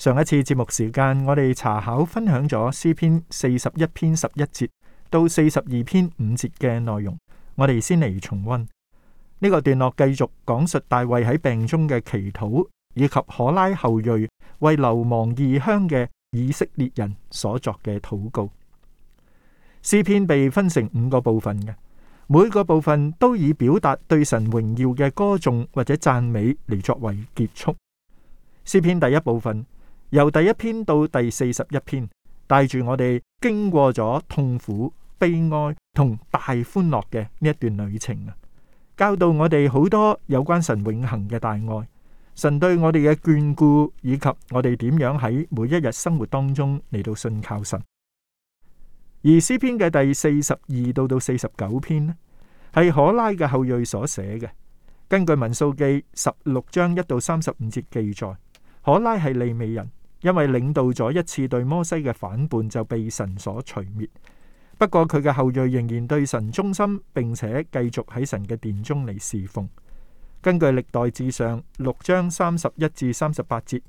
上一次節目時間，我哋查考分享咗詩篇四十一篇十一節到四十二篇五節嘅內容，我哋先嚟重溫呢個段落，繼續講述大衛喺病中嘅祈禱，以及可拉後裔為流亡異鄉嘅以色列人所作嘅禱告。詩篇被分成五個部分嘅，每個部分都以表達對神榮耀嘅歌頌或者讚美嚟作為結束。詩篇第一部分。由第一篇到第四十一篇，帶住我哋經過咗痛苦、悲哀同大歡樂嘅呢一段旅程啊，教導我哋好多有關神永恒嘅大愛，神對我哋嘅眷顧，以及我哋點樣喺每一日生活當中嚟到信靠神。而詩篇嘅第四十二到到四十九篇呢，係可拉嘅後裔所寫嘅。根據民數記十六章一到三十五節記載，可拉係利未人。因為領導咗一次對摩西嘅反叛，就被神所除滅。不過佢嘅後裔仍然對神忠心，並且繼續喺神嘅殿中嚟侍奉。根據歷代志上六章三十一至三十八節，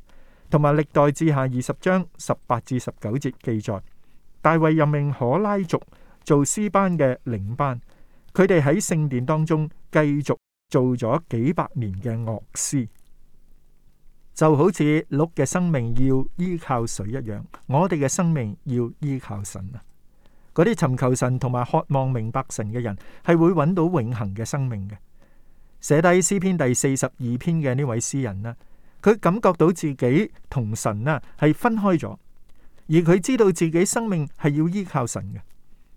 同埋歷代志下二十章十八至十九節記載，大衛任命可拉族做詩班嘅領班，佢哋喺聖殿當中繼續做咗幾百年嘅樂師。就好似鹿嘅生命要依靠水一樣，我哋嘅生命要依靠神啊。嗰啲尋求神同埋渴望明白神嘅人，係會搵到永恆嘅生命嘅。寫低詩篇第四十二篇嘅呢位詩人啦，佢感覺到自己同神啊，係分開咗，而佢知道自己生命係要依靠神嘅，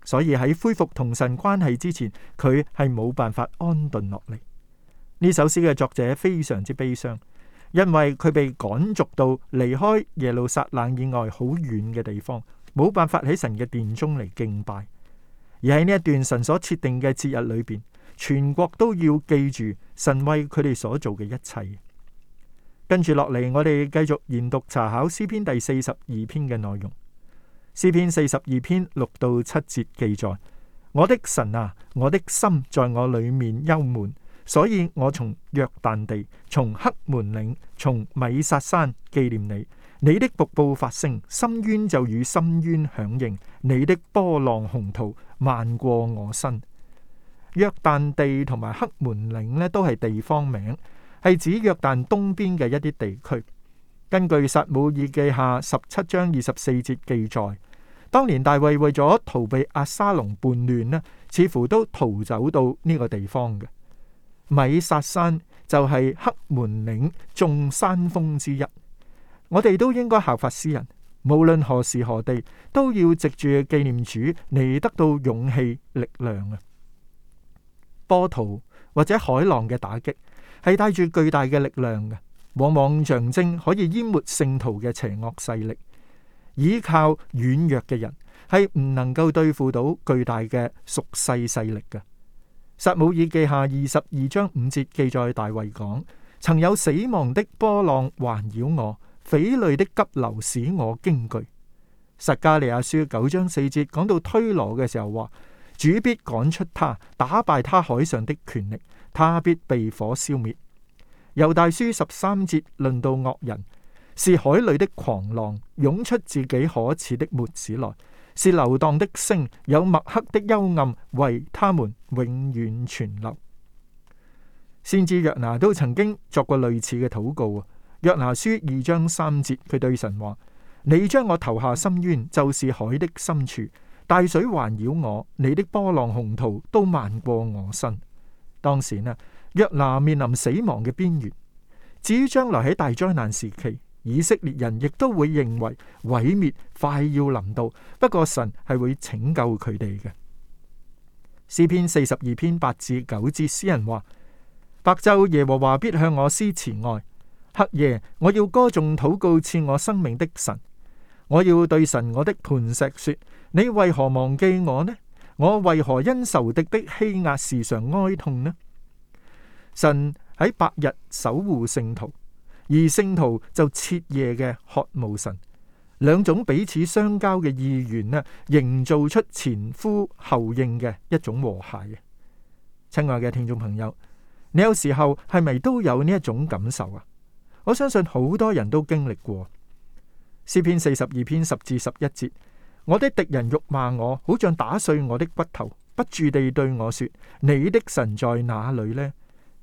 所以喺恢復同神關係之前，佢係冇辦法安頓落嚟。呢首詩嘅作者非常之悲傷。因為佢被趕逐到離開耶路撒冷以外好遠嘅地方，冇辦法喺神嘅殿中嚟敬拜，而喺呢一段神所設定嘅節日裏邊，全國都要記住神為佢哋所做嘅一切。跟住落嚟，我哋繼續研讀查考詩篇第四十二篇嘅內容。詩篇四十二篇六到七節記載：我的神啊，我的心在我裏面憂悶。所以我從約旦地，從黑門嶺，從米薩山紀念你。你的瀑布發聲，深淵就與深淵響應。你的波浪洪濤漫過我身。約旦地同埋黑門嶺咧，都係地方名，係指約旦東邊嘅一啲地區。根據撒母耳記下十七章二十四節記載，當年大衛為咗逃避押沙龍叛亂咧，似乎都逃走到呢個地方嘅。米薩山就係黑門嶺眾山峯之一，我哋都應該效法詩人，無論何時何地，都要藉住紀念主嚟得到勇氣力量啊！波濤或者海浪嘅打擊，係帶住巨大嘅力量嘅，往往象徵可以淹沒聖徒嘅邪惡勢力。依靠軟弱嘅人，係唔能夠對付到巨大嘅屬世勢力嘅。撒母耳記下二十二章五節記載，大衛講：曾有死亡的波浪環繞我，匪類的急流使我驚懼。撒迦利亞書九章四節講到推羅嘅時候，話主必趕出他，打敗他海上的權力，他必被火消滅。猶大書十三節論到惡人，是海裏的狂浪，湧出自己可恥的沫子來。是流蕩的星，有墨黑的幽暗為他們永遠存留。先知約拿都曾經作過類似嘅禱告啊！約拿書二章三節，佢對神話：你將我投下深淵，就是海的深處，大水環繞我，你的波浪洪濤都漫過我身。當時呢，約拿面臨死亡嘅邊緣。至於將來喺大災難時期。以色列人亦都會認為毀滅快要臨到，不過神係會拯救佢哋嘅。詩篇四十二篇八至九節詩人話：白晝耶和華必向我施慈愛，黑夜我要歌頌禱告賜我生命的神。我要對神我的磐石說：你為何忘記我呢？我為何因仇敵的欺壓時常哀痛呢？神喺白日守護聖徒。而聖徒就徹夜嘅渴慕神，兩種彼此相交嘅意願呢，營造出前呼後應嘅一種和諧嘅。親愛嘅聽眾朋友，你有時候係咪都有呢一種感受啊？我相信好多人都經歷過。詩篇四十二篇十至十一節：我的敵人辱罵我，好像打碎我的骨頭，不住地對我說：你的神在哪裏呢？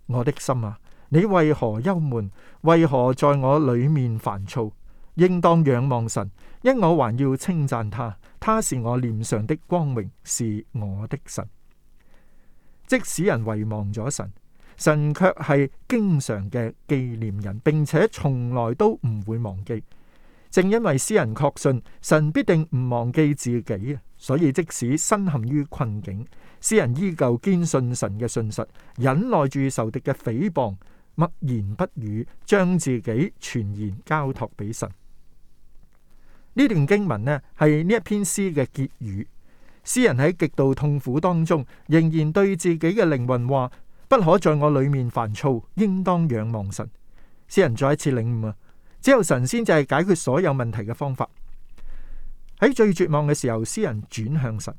我的心啊！你為何憂悶？為何在我裏面煩躁？應當仰望神，因我還要稱讚他。他是我臉上的光榮，是我的神。即使人遺忘咗神，神卻係經常嘅紀念人，並且從來都唔會忘記。正因為詩人確信神必定唔忘記自己啊，所以即使身陷於困境，詩人依舊堅信神嘅信實，忍耐住受敵嘅誹謗。默言不語，將自己全然交託俾神。呢段經文呢，係呢一篇詩嘅結語。詩人喺極度痛苦當中，仍然對自己嘅靈魂話：不可在我裏面煩躁，應當仰望神。詩人再一次領悟啊，只有神先，就係解決所有問題嘅方法。喺最絕望嘅時候，詩人轉向神；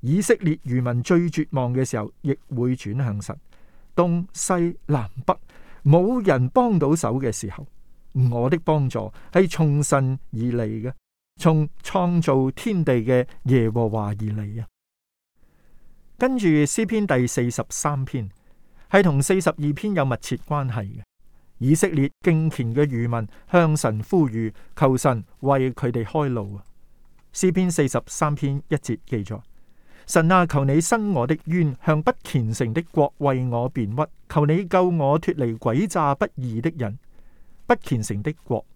以色列漁民最絕望嘅時候，亦會轉向神。東西南北。冇人幫到手嘅時候，我的幫助係從神而嚟嘅，從創造天地嘅耶和華而嚟啊。跟住詩篇第四十三篇係同四十二篇有密切關係嘅，以色列敬虔嘅餘民向神呼籲，求神為佢哋開路啊。詩篇四十三篇一節記載。神啊，求你伸我的冤，向不虔誠的國為我辯屈。求你救我脫離詭詐不義的人，不虔誠的國。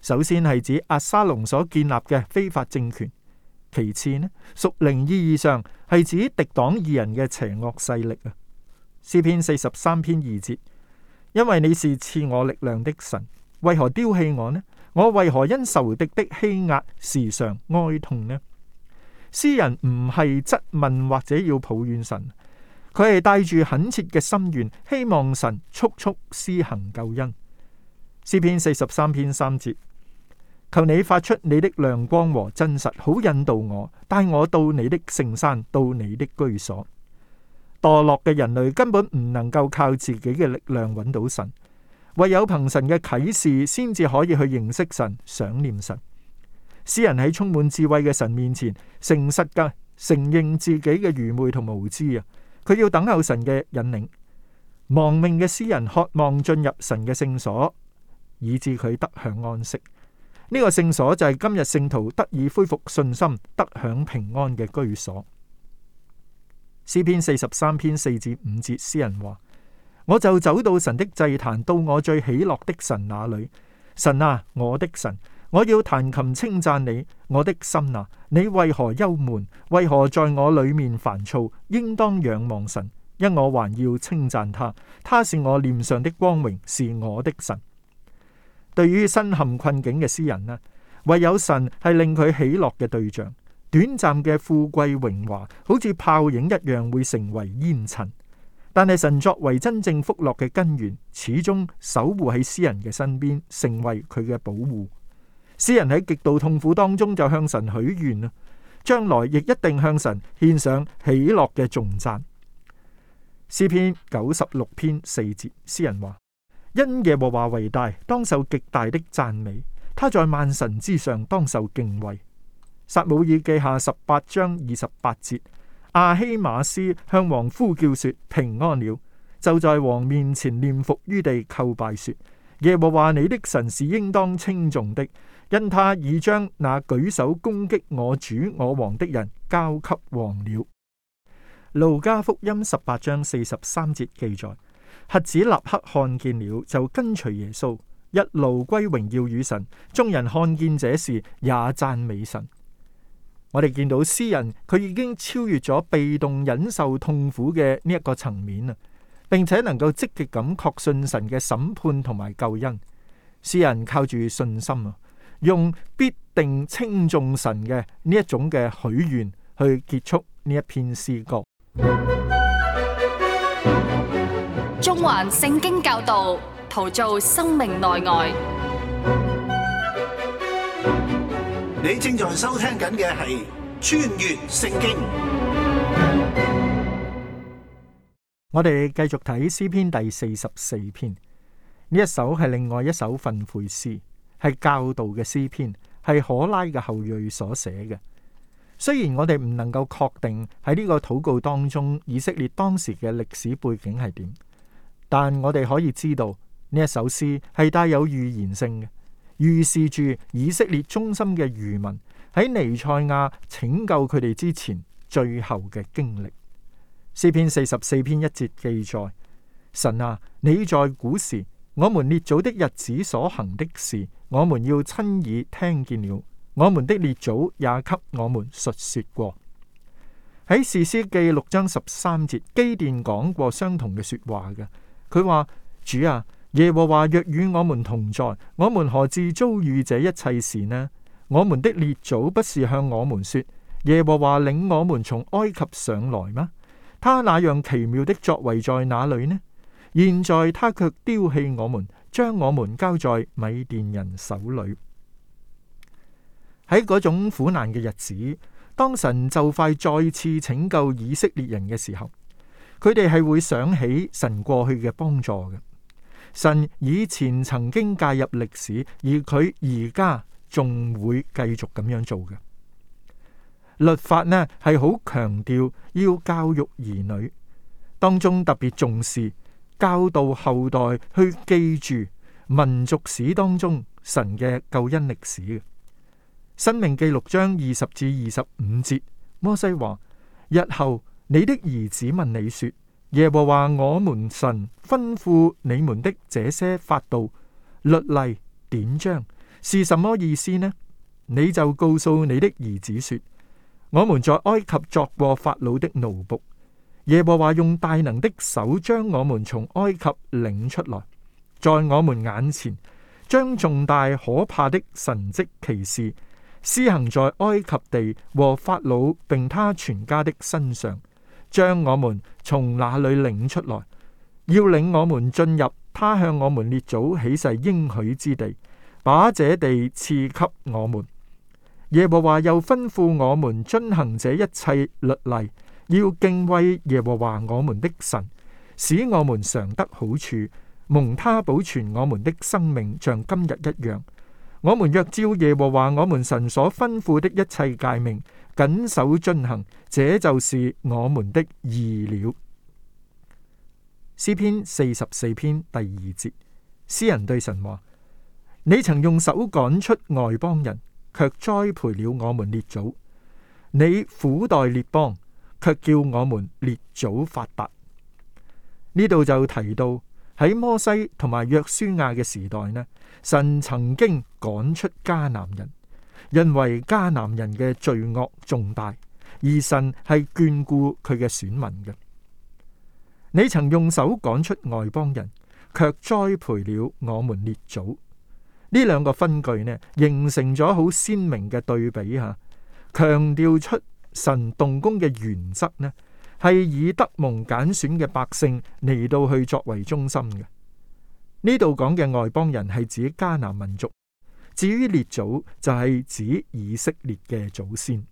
首先係指押沙龍所建立嘅非法政權，其次呢屬靈意義上係指敵黨二人嘅邪惡勢力啊。詩篇四十三篇二節，因為你是賜我力量的神，為何丟棄我呢？我為何因仇敵的欺壓時常哀痛呢？詩人唔係質問或者要抱怨神，佢係帶住懇切嘅心願，希望神速速施行救恩。詩篇四十三篇三節：求你發出你的亮光和真實，好引導我，帶我到你的聖山，到你的居所。墮落嘅人類根本唔能夠靠自己嘅力量揾到神，唯有憑神嘅啟示，先至可以去認識神、想念神。詩人喺充滿智慧嘅神面前，誠實咁承認自己嘅愚昧同無知啊！佢要等候神嘅引領，亡命嘅詩人渴望進入神嘅聖所，以致佢得享安息。呢、這個聖所就係今日聖徒得以恢復信心、得享平安嘅居所。詩篇四十三篇四至五節，詩人話：我就走到神的祭壇，到我最喜樂的神那裏。神啊，我的神！我要彈琴稱讚你，我的心啊！你為何憂悶？為何在我裏面煩躁？應當仰望神，因我還要稱讚他。他是我臉上的光榮，是我的神。對於身陷困境嘅詩人呢，唯有神係令佢喜樂嘅對象。短暫嘅富貴榮華，好似泡影一樣，會成為煙塵。但係神作為真正福樂嘅根源，始終守護喺詩人嘅身邊，成為佢嘅保護。詩人喺極度痛苦當中就向神許願啦，將來亦一定向神獻上喜樂嘅頌讚。詩篇九十六篇四節，詩人話：因耶和華為大，當受極大的讚美；他在萬神之上，當受敬畏。撒母耳記下十八章二十八節，阿希馬斯向王呼叫說：平安了！就在王面前念伏於地叩拜，說：耶和華你的神是應當稱頌的。因他已將那舉手攻擊我主我王的人交給王了。路加福音十八章四十三節記載：瞎子立刻看見了，就跟隨耶穌一路歸榮耀與神。眾人看見這事也讚美神。我哋見到詩人，佢已經超越咗被動忍受痛苦嘅呢一個層面啊，並且能夠積極咁確信神嘅審判同埋救恩。詩人靠住信心啊。用必定稱頌神嘅呢一種嘅許願去結束呢一篇詩歌。中環聖經教導，陶造生命內外。你正在收聽緊嘅係穿越聖經。我哋繼續睇詩篇第四十四篇，呢一首係另外一首訓誨詩，係教導嘅詩篇，係可拉嘅後裔所寫嘅。雖然我哋唔能夠確定喺呢個禱告當中，以色列當時嘅歷史背景係點，但我哋可以知道呢一首詩係帶有預言性嘅，預示住以色列中心嘅餘民喺尼賽亞拯救佢哋之前最後嘅經歷。詩篇四十四篇一節記載：神啊，你在古時，我們列祖的日子所行的事。我們要親耳聽見了，我們的列祖也給我們述說過。喺《士師記》六章十三節，基甸講過相同嘅說話嘅。佢話：主啊，耶和華若與我們同在，我們何至遭遇這一切事呢？我們的列祖不是向我們說，耶和華領我們從埃及上來嗎？他那樣奇妙的作為在哪裏呢？現在他卻丟棄我們。將我們交在米甸人手裏。喺嗰種苦難嘅日子，當神就快再次拯救以色列人嘅時候，佢哋係會想起神過去嘅幫助嘅。神以前曾經介入歷史，而佢而家仲會繼續咁樣做嘅。律法呢係好強調要教育兒女，當中特別重視，教導後代去記住民族史當中神嘅救恩歷史。生命記錄章二十至二十五節，摩西話：日後你的兒子問你說，耶和華我們神吩咐你們的這些法度、律例、典章，是什麼意思呢？你就告訴你的兒子說：我們在埃及作過法老的奴僕。耶和華用大能的手將我們從埃及領出來，在我們眼前將重大可怕的神蹟奇事施行在埃及地和法老並他全家的身上，將我們從那裏領出來，要領我們進入他向我們列祖起誓應許之地，把這地賜給我們。耶和華又吩咐我們遵行這一切律例。要敬畏耶和華我們的神，使我們常得好處，蒙他保存我們的生命，像今日一樣。我們若照耶和華我們神所吩咐的一切誡命謹守遵行，這就是我們的義了。詩篇四十四篇第二節，詩人對神話：你曾用手趕出外邦人，却栽培了我們列祖。你苦待列邦。卻叫我們列祖發達。呢度就提到喺摩西同埋約書亞嘅時代呢，神曾經趕出迦南人，認為迦南人嘅罪惡重大，而神係眷顧佢嘅選民嘅。你曾用手趕出外邦人，卻栽培了我們列祖。呢兩個分句呢，形成咗好鮮明嘅對比吓，強調出。神動工嘅原則呢，係以德蒙揀選嘅百姓嚟到去作為中心嘅。呢度講嘅外邦人係指迦南民族，至於列祖就係指以色列嘅祖先。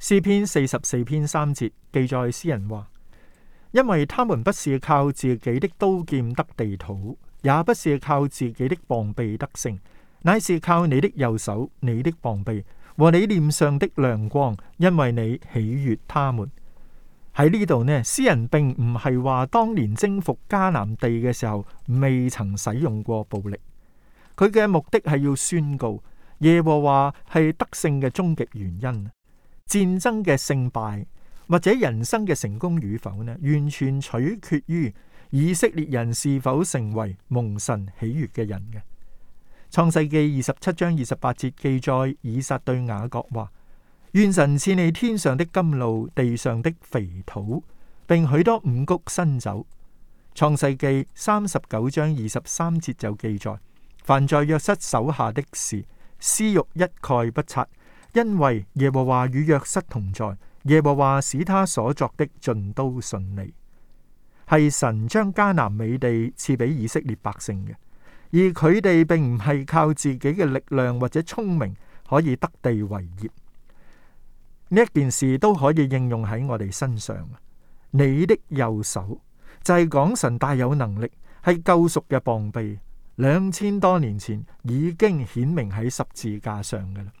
詩篇四十四篇三節記載，詩人話：，因為他們不是靠自己的刀劍得地土，也不是靠自己的膀臂得勝，乃是靠你的右手，你的膀臂。和你臉上的亮光，因為你喜悦他們。喺呢度呢，詩人並唔係話當年征服迦南地嘅時候未曾使用過暴力，佢嘅目的係要宣告耶和華係得勝嘅終極原因。戰爭嘅勝敗或者人生嘅成功與否呢，完全取決於以色列人是否成為蒙神喜悦嘅人嘅。《創世記》二十七章二十八節記載，以撒對雅各話：願神賜你天上的甘露，地上的肥土，並許多五穀新酒。《創世記》三十九章二十三節就記載：凡在約瑟手下的事，私欲一概不察，因為耶和華與約瑟同在，耶和華使他所作的盡都順利。係神將迦南美地賜俾以色列百姓嘅。而佢哋並唔係靠自己嘅力量或者聰明可以得地為業，呢一件事都可以應用喺我哋身上。你的右手就係講神大有能力，係救贖嘅膀臂，兩千多年前已經顯明喺十字架上嘅啦。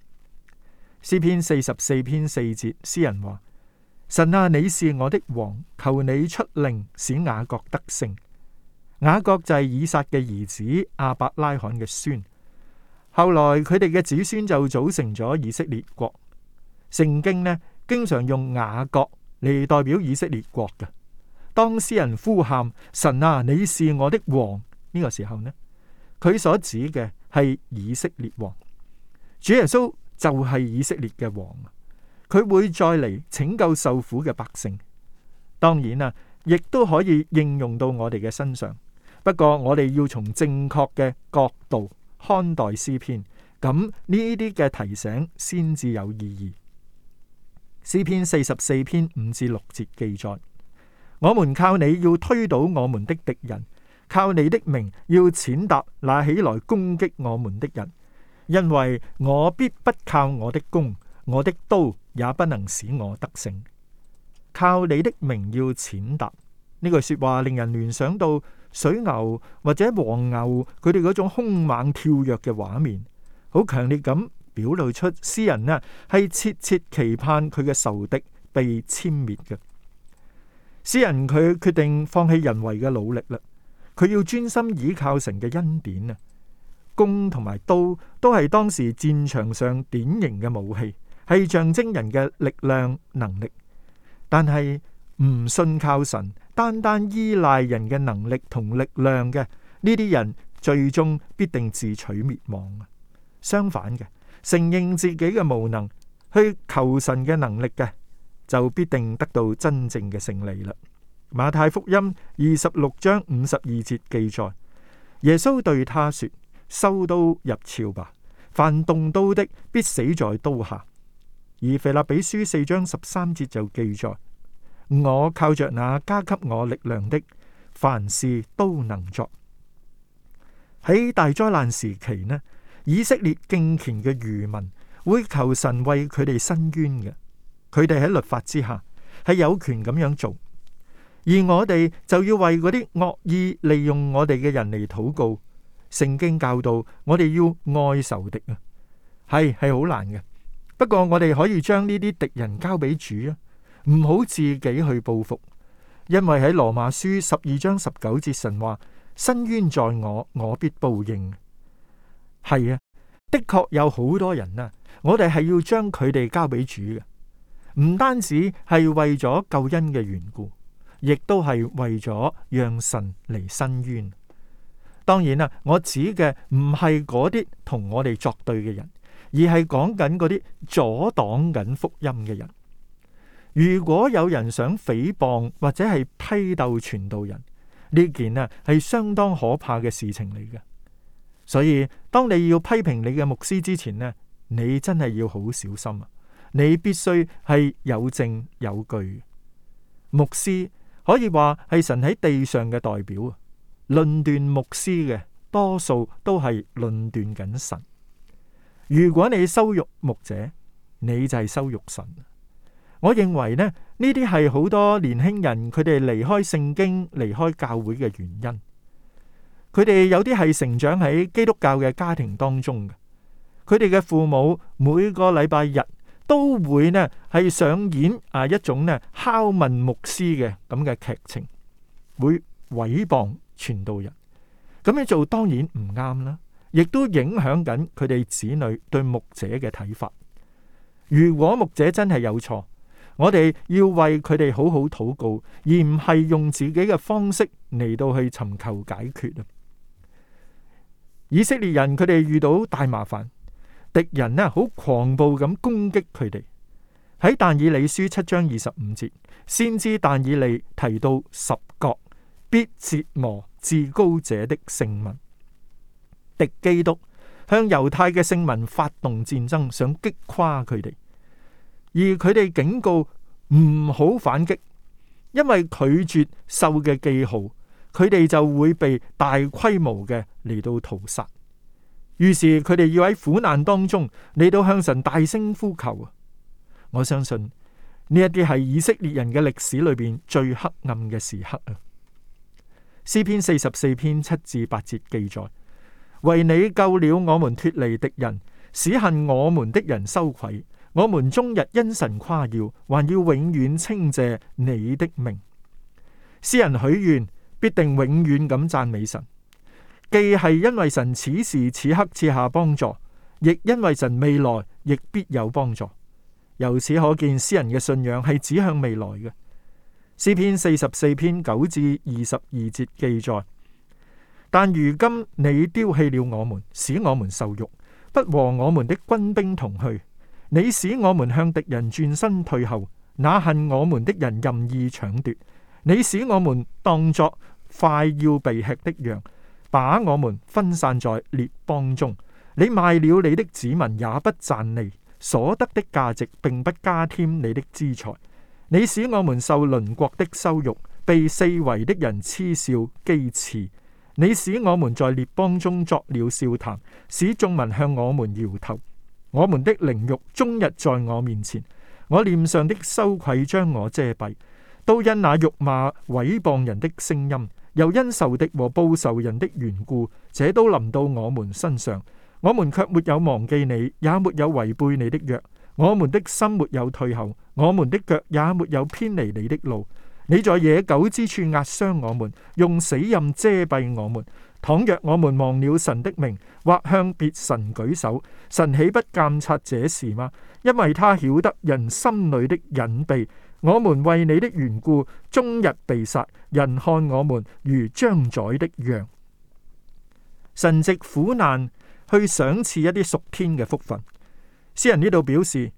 詩篇四十四篇四節，詩人話：神啊，你是我的王，求你出令使雅各得勝。雅各就係以撒嘅兒子，亞伯拉罕嘅孫，後來佢哋嘅子孫就組成咗以色列國。聖經呢，經常用雅各嚟，代表以色列國嘅。當詩人呼喊，神啊，你是我的王呢，這個時候呢，佢所指嘅係以色列王。主耶穌就係以色列嘅王，佢會再嚟拯救受苦嘅百姓。當然啦，啊。亦都可以應用到我哋嘅身上，不過我哋要從正確嘅角度看待詩篇，咁呢啲嘅提醒先至有意義。詩篇四十四篇五至六節記載：我們靠你要推倒我們的敵人，靠你的名要遣踐踏那起來攻擊我們的人，因為我必不靠我的弓，我的刀也不能使我得勝。靠你的名要踐踏呢句說話，令人聯想到水牛或者黃牛，佢哋嗰種兇猛跳躍嘅畫面，好強烈咁表露出詩人啊，係切切期盼佢嘅仇敵被殲滅嘅。詩人佢決定放棄人為嘅努力啦，佢要專心倚靠神嘅恩典啊。弓同埋刀都係當時戰場上典型嘅武器，係象徵人嘅力量能力。但係唔信靠神，單單依賴人嘅能力同力量嘅呢啲人，最終必定自取滅亡啊！相反嘅，承認自己嘅無能，去求神嘅能力嘅，就必定得到真正嘅勝利啦。馬太福音二十六章五十二節記載，耶穌對他說：收刀入鞘吧，凡動刀的必死在刀下。而腓立比書四章十三節就記載：我靠着那加給我力量的，凡事都能作。喺大災難時期呢，以色列敬虔嘅餘民會求神為佢哋伸冤嘅，佢哋喺律法之下係有權咁樣做，而我哋就要為嗰啲惡意利用我哋嘅人嚟禱告。聖經教導我哋要愛仇敵啊，係係好難嘅。不過我哋可以將呢啲敵人交俾主啊，唔好自己去報復，因為喺羅馬書十二章十九節神話：伸冤在我，我必報應。係啊，的確有好多人啊，我哋係要將佢哋交俾主嘅，唔單止係為咗救恩嘅緣故，亦都係為咗讓神嚟伸冤。當然啦，我指嘅唔係嗰啲同我哋作對嘅人。而係講緊嗰啲阻擋緊福音嘅人。如果有人想誹謗或者係批鬥傳道人，呢件啊係相當可怕嘅事情嚟嘅。所以當你要批評你嘅牧師之前呢，你真係要好小心啊！你必須係有證有據。牧師可以話係神喺地上嘅代表啊。論斷牧師嘅多數都係論斷緊神。如果你羞辱牧者，你就係羞辱神。我認為咧，呢啲係好多年輕人佢哋離開聖經、離開教會嘅原因。佢哋有啲係成長喺基督教嘅家庭當中嘅，佢哋嘅父母每個禮拜日都會呢係上演啊一種咧敲問牧師嘅咁嘅劇情，會毀謗傳道人。咁樣做當然唔啱啦。亦都影響緊佢哋子女對牧者嘅睇法。如果牧者真係有錯，我哋要為佢哋好好禱告，而唔係用自己嘅方式嚟到去尋求解決。以色列人佢哋遇到大麻煩，敵人咧好狂暴咁攻擊佢哋。喺但以理書七章二十五節，先知但以理提到十國必折磨至高者的聖民。基督向猶太嘅聖民發動戰爭，想擊垮佢哋，而佢哋警告唔好反擊，因為拒絕獸嘅記號，佢哋就會被大規模嘅嚟到屠殺。於是佢哋要喺苦難當中嚟到向神大聲呼求啊！我相信呢一啲係以色列人嘅歷史裏邊最黑暗嘅時刻啊。詩篇四十四篇七至八節記載。為你救了我們脫離敵人，使恨我們的人羞愧。我們終日因神誇耀，還要永遠稱謝你的名。詩人許願，必定永遠咁讚美神。既係因為神此時此刻賜下幫助，亦因為神未來亦必有幫助。由此可見，詩人嘅信仰係指向未來嘅。詩篇四十四篇九至二十二節記載。但如今你丟棄了我們，使我們受辱，不和我們的軍兵同去。你使我們向敵人轉身退後，那恨我們的人任意搶奪。你使我們當作快要被吃的羊，把我們分散在列邦中。你賣了你的子民，也不賺利，所得的價值並不加添你的資財。你使我們受鄰國的羞辱，被四圍的人嗤笑譏刺。你使我們在列邦中作了笑談，使眾民向我們搖頭。我們的凌辱終日在我面前，我臉上的羞愧將我遮蔽，都因那辱罵、毀謗人的聲音，又因仇敵和報仇人的緣故，這都臨到我們身上。我們卻沒有忘記你，也沒有違背你的約。我們的心沒有退後，我們的腳也沒有偏離你的路。你在野狗之處壓傷我們，用死蔭遮蔽我們。倘若我們忘了神的名，或向別神舉手，神豈不監察這事嗎？因為他曉得人心裏的隱秘。我們為你的緣故，終日被殺，人看我們如將宰的羊。神藉苦難去賞賜一啲屬天嘅福分。詩人呢度表示。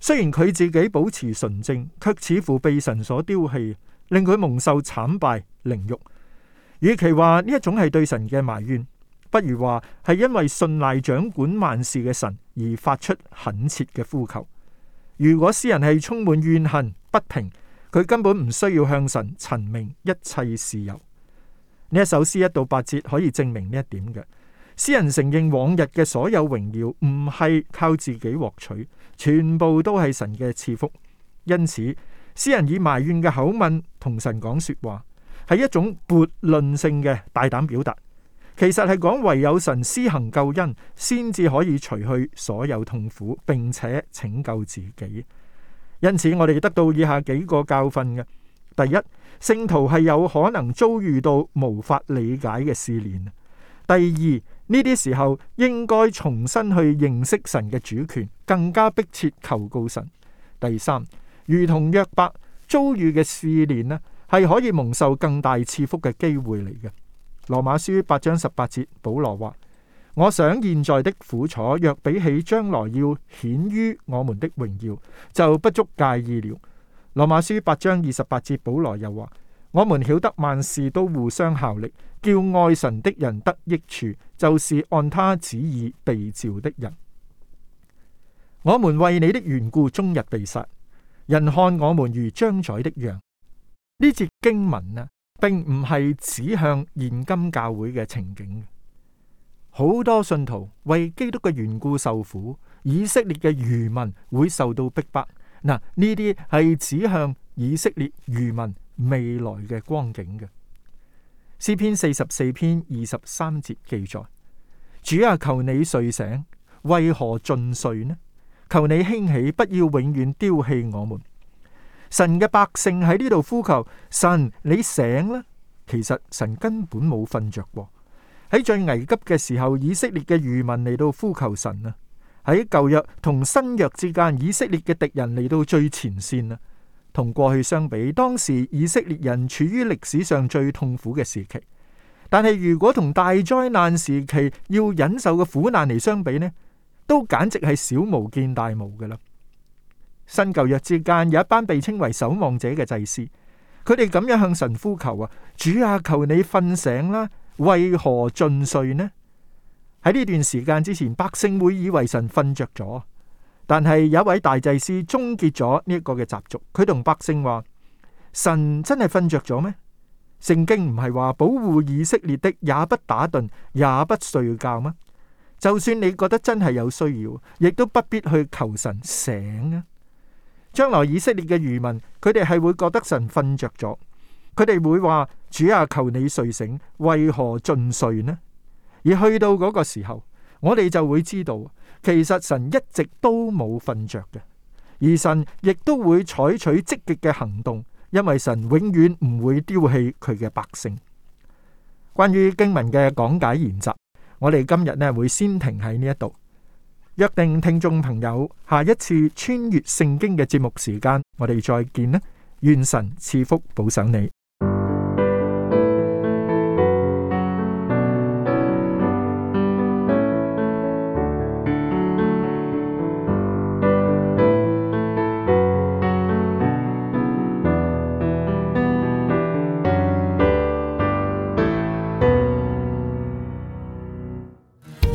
雖然佢自己保持純正，卻似乎被神所丟棄，令佢蒙受慘敗、凌辱。與其話呢一種係對神嘅埋怨，不如話係因為信賴掌管萬事嘅神而發出懇切嘅呼求。如果詩人係充滿怨恨、不平，佢根本唔需要向神陳明一切事由。呢一首詩一到八節可以證明呢一點嘅。詩人承認往日嘅所有榮耀唔係靠自己獲取。全部都係神嘅賜福，因此詩人以埋怨嘅口吻同神講說話，係一種悖論性嘅大膽表達。其實係講唯有神施行救恩，先至可以除去所有痛苦，並且拯救自己。因此我哋得到以下幾個教訓嘅：第一，聖徒係有可能遭遇到無法理解嘅試煉；第二。呢啲時候應該重新去認識神嘅主權，更加迫切求告神。第三，如同約伯遭遇嘅試煉呢，係可以蒙受更大賜福嘅機會嚟嘅。羅馬書八章十八節，保羅話：我想現在的苦楚，若比起將來要顯於我們的榮耀，就不足介意了。羅馬書八章二十八節，保羅又話：我們曉得萬事都互相效力，叫愛神的人得益處，就是按他旨意被召的人。我們為你的緣故，終日被殺，人看我們如將宰的羊。呢節經文啊，並唔係指向現今教會嘅情景。好多信徒為基督嘅緣故受苦，以色列嘅餘民會受到逼迫。嗱，呢啲係指向以色列餘民。未來嘅光景嘅詩篇四十四篇二十三節記載：主啊，求你睡醒，為何盡睡呢？求你興起，不要永遠丟棄我們。神嘅百姓喺呢度呼求神，你醒啦！其實神根本冇瞓着過。喺最危急嘅時候，以色列嘅漁民嚟到呼求神啊！喺舊約同新約之間，以色列嘅敵人嚟到最前線啊！同過去相比，當時以色列人處於歷史上最痛苦嘅時期。但係如果同大災難時期要忍受嘅苦難嚟相比呢，都簡直係小巫見大巫嘅啦。新舊約之間有一班被稱為守望者嘅祭司，佢哋咁樣向神呼求啊：主啊，求你瞓醒啦，為何盡睡呢？喺呢段時間之前，百姓會以為神瞓着咗。但係有一位大祭司終結咗呢一個嘅習俗，佢同百姓話：神真係瞓着咗咩？聖經唔係話保護以色列的也不打盹，也不睡覺嗎？就算你覺得真係有需要，亦都不必去求神醒啊！將來以色列嘅餘民，佢哋係會覺得神瞓着咗，佢哋會話：主啊，求你睡醒，為何盡睡呢？而去到嗰個時候。我哋就會知道，其實神一直都冇瞓着嘅，而神亦都會採取積極嘅行動，因為神永遠唔會丟棄佢嘅百姓。關於經文嘅講解研習，我哋今日呢會先停喺呢一度。約定聽眾朋友下一次穿越聖經嘅節目時間，我哋再見啦！願神賜福保守你。